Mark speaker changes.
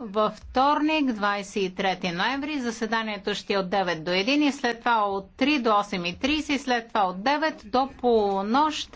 Speaker 1: Във вторник, 23 ноември, заседанието ще е от 9 до 1 и след това от 3 до 8.30 и след това от 9 до полунощ.